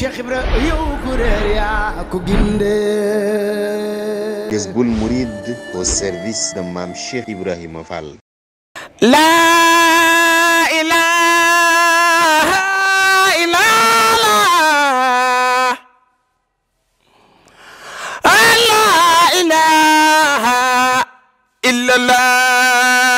شخبرة يوكرر يا كوجند جزبول مريد هو سيرفيس شيخ إبراهيم فال لا لا اله الا الله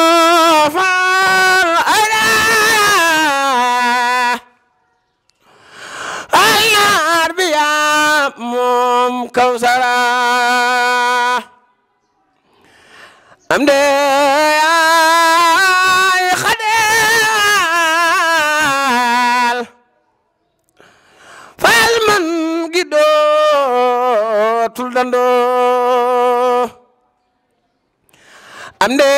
borom kawsara am de ay xadeel fayal man gi dootul dandoo am de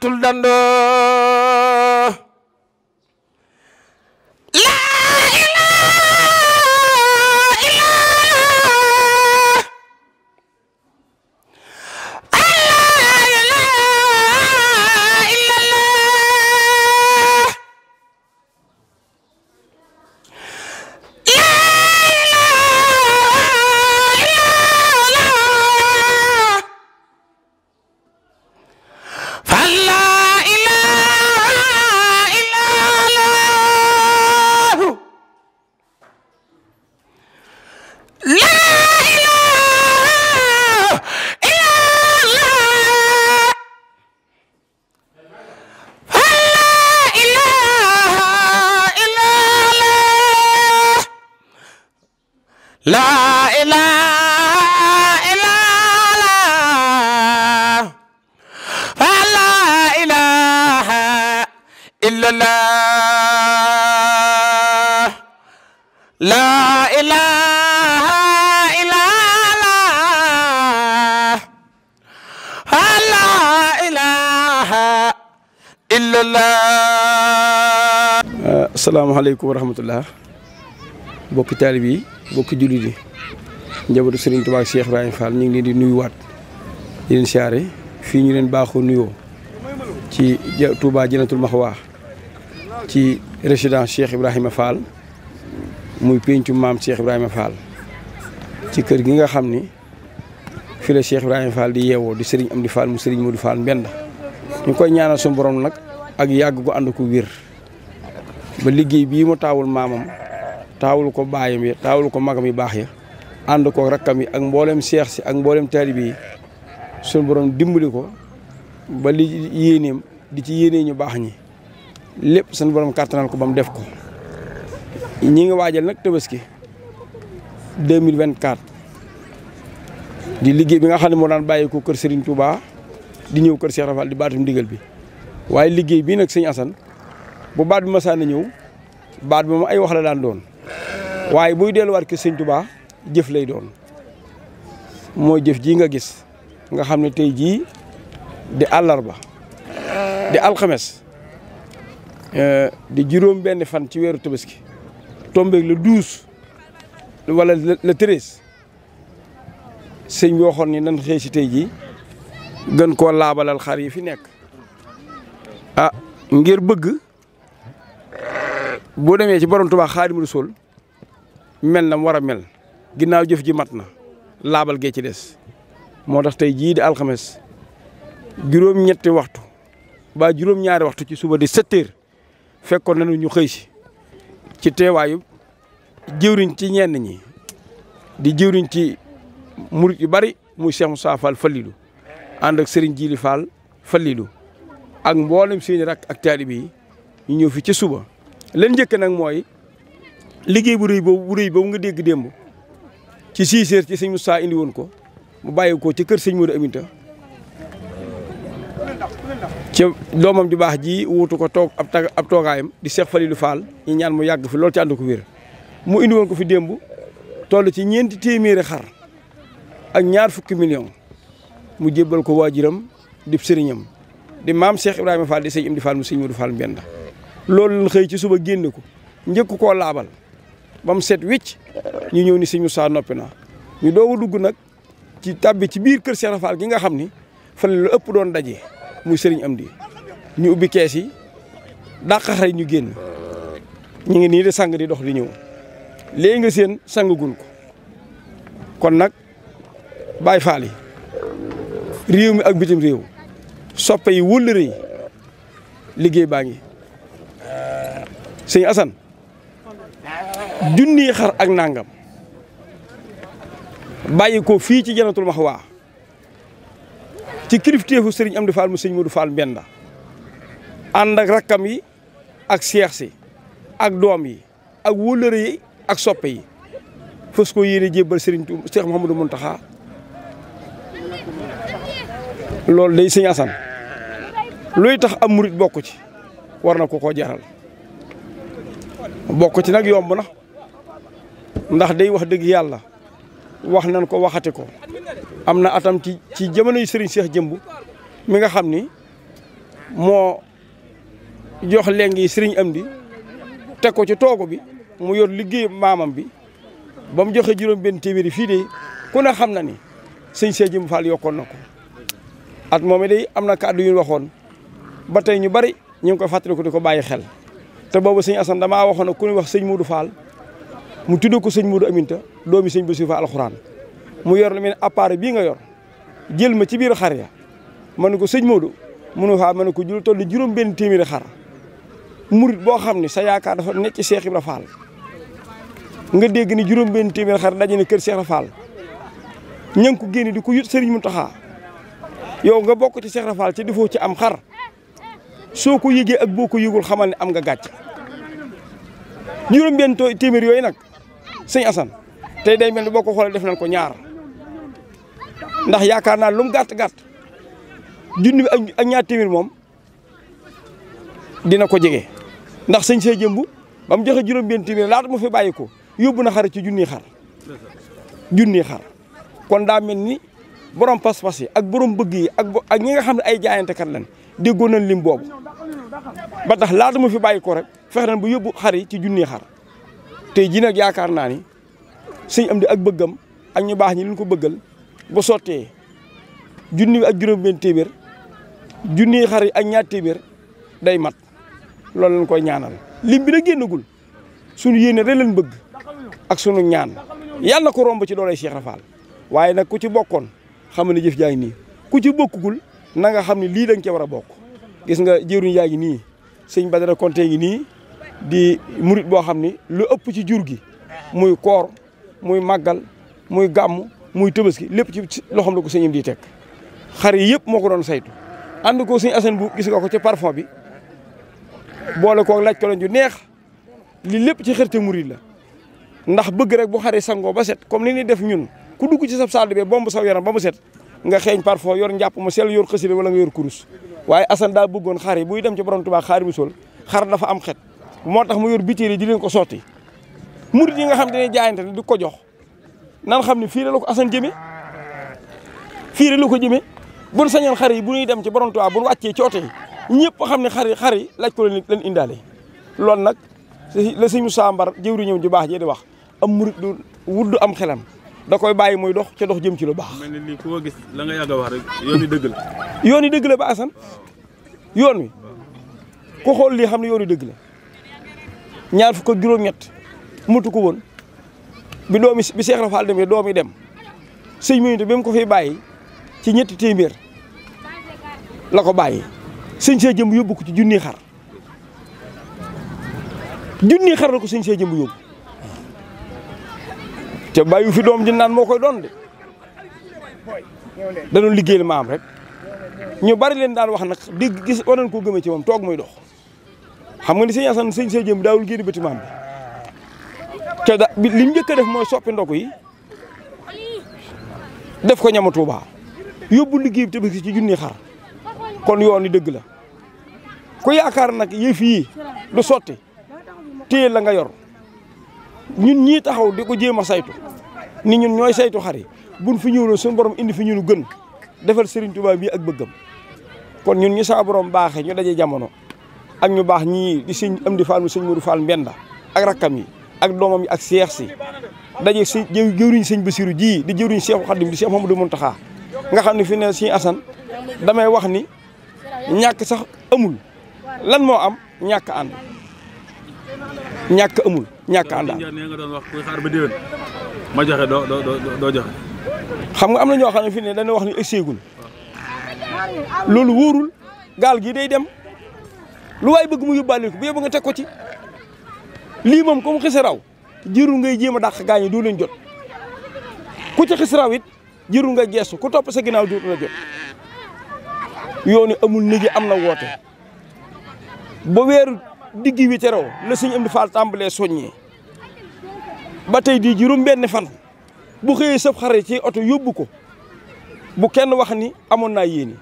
nattul dandoo لا إله إلا الله لا إله إلا الله لا إله إلا الله لا إله إلا الله السلام عليكم ورحمة الله bokki talib yi bokki julit yi njabootu serigne touba cheikh ibrahim fall ñu ngi leen di nuyu waat di leen siyaare ñu leen baxu nuyo ci touba jinatul mahwa ci resident cheikh ibrahim fall muy pencu mam cheikh ibrahim fall ci kër gi nga xamni fi la cheikh ibrahim fall di yewoo di serigne amdi fall mu serigne modou fall mbend ñu koy ñaanal sun borom nak ak yag gu and ko wir ba liggey bi mu tawul mamam tawul ko baayam yi tawul ko magam yi baax ya ànd ko rakam yi ak mbollem cheikh ci ak mbollem talib yi sun borom dimbali ko ba li yéeneem di ci yene ñu bax ni lepp sun borom kàttanal ko bam def ko ñi nga wajal nak tebeski 2024 di liggéey bi nga xam mo daan bàyyi ko Serigne Touba di ñew keur Cheikh Rafal di batum digel bi waye liggéey bi nak serigne Assane bu baat bi ma na ñew baat bi moom ay wax la daan doon waaye buy delluwaat ki sëñ Tuubaa jëf lay doon mooy jëf ji nga gis nga xam ne tey jii di àllarba di alxames eh, di juróom benn fan ci weeru tabaski tombeeg le douze wala le treize sëñ bi waxoon ni nan xëy si tey jii gën koo laabalal xar yi fi nekk ah ngir bëgg boo demee ci borom Tuubaa Xaadimu sol mel na mu war a mel ginnaaw jëf ji mat na laabal gee ci des moo tax tey jii di alxames juróom-ñetti waxtu ba juróom-ñaari waxtu ci suba di sept heures fekkoon nañu ñu xëy ci teewaayu jëwriñ ci ñenn ñi di jëwriñ ci murit yu bari muy Cheikh Moussa Fall Falilou ànd ak Serigne Djili Fall Falilou ak mboolem seeni rakk ak taalibe yi ñu ñëw fi ci suba leen njëkk nag mooy. liggey bu reuy boobu bu rëy boobu nga deg démb ci 6 h ci seigne Moussa indi won ko mu baye ko ci keur seigne Modou Aminta ci domam ju bax ji wutu ko tok ab tag ab toogaayam di Cheikh Falilou Fall ñu ñaan mu yag fi lol ci ànd ko wér mu indi won ko fi démb tollu ci ñeenti téméré xar ak ñaar fukki million mu jébal ko wajiram di serignam di mam Cheikh Ibrahima Fall di seigne Imdi Fall mu seigne Modou Fall benda loolu lañ xey ci suba génne ko njëkk ko labal ba mu set wicc ñu ñëw ni sëñ saa noppi na ñu doo a dugg nag ci tàbbi ci biir kër Cheikh Fall gi nga xam ni fan lu ëpp doon daje muy sëriñ Amdi ñu ubbi kees yi dàqaxay ñu génn ñu ngi nii di sang di dox di ñëw léegi nga seen sangagun ko kon nag Baay Faal yi réew mi ak bitim réew soppe yi liggéey baa ngi sëñ Asan junni xar ak nangam bàyyi ko fii ci janatul maxwaa ci kilifteefu sëriñ Amdi Fall mu sëriñ Modou Fall Mbenda ànd ak rakkam yi ak seex si ak doom yi ak wóllëre yi ak soppe yi fës ko yéene jébbal sëriñ Seex Mouhamadou Mountakha loolu day sëñ Asan luy tax am murit bokk ci war na ko koo jaral bokk ci nag yomb na ndax day wax deug yalla wax nan ko waxati ko am na atam ci ci jamono Serigne Cheikh jembu mi nga xamni mo jox lengi Serigne Amdi te ko ci togo bi mu yor liggey mamam bi bam joxe juróom ben téeméeri fi de ku ni serigne Cheikh jembu fal yokon nako at momi day am na kàddu yu ñu waxoon ba tey ñu bari ñu ko fatali ko diko ko xel te bobu serigne Assane dama waxon ko ku wax serigne Modou Fall mu tuddu ko seigne Modou Aminta doomi seigne Bassirou Fall alxuraan mu yor lamine appare bi nga yor jël ma ci bir xar ya ko Modou munu faa ma ne ko jël ah, toll ni juróom benn xar mourid bo xamni sa yaaka dafa necc Cheikh ibrahim Fall nga deg ni juróom ben timir xar daje ne Cheikh Fall ko di ko yut seigne muntaha yow nga bok ci Cheikh Ibra Fall ci defoo ci am xar soko ko ak boko ko xamal ni am nga gatch juróom ben timir yoy nak sëñ Assane tey day mel ni boo ko xoolee def nañ ko ñaar ndax yaakaar naa lu mu gàtt gàtt junni bi ak ñaar téeméer moom dina ko jege ndax sëñ see jëmb ba mu joxe juróom-benn téeméer laata mu fi ko yóbbu na xar ci junniy xar junniy xar kon daa mel ni borom pas-pas yi ak borom bëgg yi ak ak ñi nga xam ne ay jaayantekat lañ déggoo nañ lim boobu ba tax laata mu fi bàyyi ko rek fexe nañ yóbbu xar yi ci junniy xar. tey ji nak yaakar na ni sëñ am di ak bëggam ak ñu bax ñi luñ ko bëggal bu soté junni ak juroom ben témir junni xari ak ñaat témir day mat loolu lañ koy ñaanal lim bi na gennagul suñu yene rek lañ bëgg ak suñu ñaan yalla romb ci dooy Cheikh Rafal waye nak ku ci bokkon xamni jëf jaay ni ku ci bokkugul na nga xamni li dañ ci wara gis nga jëruñ yaa ngi nii Badara konté ngi ni di murid buah xamni lu upp ci jur gi muy koor muy magal muy gam muy tebeski lepp ci loxoom la ko sëñam di tek xar yi yëpp moo ko saytu and ko sëñ Assane bu gis nga ko ci parfum bi boole koo laaj ko lañu neex li lepp ci xerté murid la ndax bëgg rek bu sango ba set comme ni ni def ñun ku dugg ci sab salle bi bomb saw yaram ba mu set nga xéñ parfum yor ñap mu sel yor xëside wala nga yor kurus waye Assane da bëggoon xar yi buy dem ci borom tuba xari musul xar dafa am xet motax mu yor bitéel di len ko soti murid yi nga xam dañuy jaayante du ko jox nan xamni fi la ko Assane jëme fi la ko jëme bun sañal xari yi bu ñuy dem ci borom Tuubaa bu ñu ci oto ñepp xamni xari xari laj ko len leen lool nak le seigne Moussa Mbar ñew ju baax jee di wax am murid du wuddu am xelam da koy bayyi muy dox ci dox jëm ci lu baax. melni ku ko gis la nga yaga wax rek yoni deug la. yoni deug la ba Assane yoon wi ku xool lii xam ne la. ñaar fukk ak juróom-ñett mutu ko woon bi doomi bi Cheikh Rafal demee doom yi dem sëñ Maymunta bi mu ko fiy bàyyi ci ñetti téeméer la ko bàyyi sëñ see jëmb yóbbu ko ci junni xar junni xar la ko sëñ see jëmb yóbbu te bàyyi fi doom ji naan moo koy doon de danoon liggéeyal maam rek ñu bari leen daan wax nag di gis war nañ koo gëmee ci moom toog muy dox xam nga ni sëñ Assane seigne Cheikh Jëmb daawul génn bâtiment bi te da lim mu def moy soppi ndogu yi def ko ñama touba yobbu liggéey te bëgg ci jooni xar kon yoon yi dëgg la ku yaakar nak yëf yi du soti téye la nga yor ñun ñi taxaw diko jema saytu ni ñun ñoy saytu xar buñ fi suñu borom indi fi ñu gën defal Serigne Touba bi ak bëggam kon ñun ñu sa borom baaxé ñu dajé jamono ak ñu bax ñi di señ am di señ mu Modou Fall Mbenda ak rakam yi ak domam yi ak cheikh si dajé ci jëwriñ señ Bassirou ji di jëwriñ cheikh khadim di cheikh Mamadou Muntaxa nga xamni fi ne señ assan damay wax ni ñak sax amul lan mo am ñak and ñak amul ñak ànd dojo ma joxe do do joxe xam nga amna ño xamni fi ne dañ wax ni ëgseegul lolou worul gal gi day dem lu waay bëgg mu yóbbaale ko bu nga teg ko ci lii moom comme xise raw jirul ngay jéem a dàq gaañu doo leen jot ku ci it jirul nga geesu ku topp sa ginnaaw dootu la jot yoonu amul niji am na woote ba weeru diggi wi teroo la siñ am di faal tàmbalee soññee ba tey di juróom benn fan bu xëyee sëb xare ci oto yóbbu ko bu kenn wax ni amoon naa yéene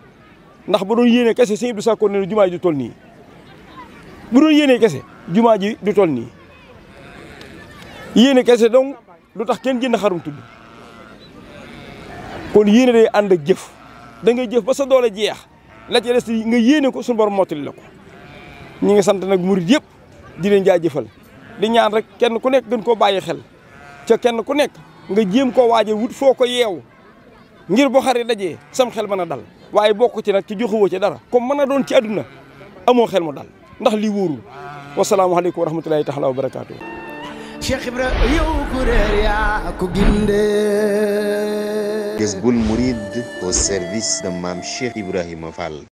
ndax ba doon yéene kese suñu bi sàkkoon ne jumaa ju toll nii bu doon yéene kese jumaa ji du nii yéene kese donc du tax kenn jënd xarum tudd kon yéene day ànd ak jëf da jëf ba sa doole jeex la ca des nga yéene ko suñu borom mottali la ko ñi ngi sant nag murit yëpp di leen jaajëfal di ñaan rek kenn ku nekk gën koo bàyyi xel ca kenn ku nekk nga jéem koo waaje wut foo ko yeew ngir boo xare dajee sam xel mën a dal waaye bokk ci nag ci joxewoo ci dara comme mën a doon ci àdduna amoo xel mu dal ndax li wóorul alaykum wa rahmatullahi taala wa barakatuh Cheikh Ibra yow ko réer ya ko ginde. gesbul Mouride au service de mam Cheikh Ibrahima Fall.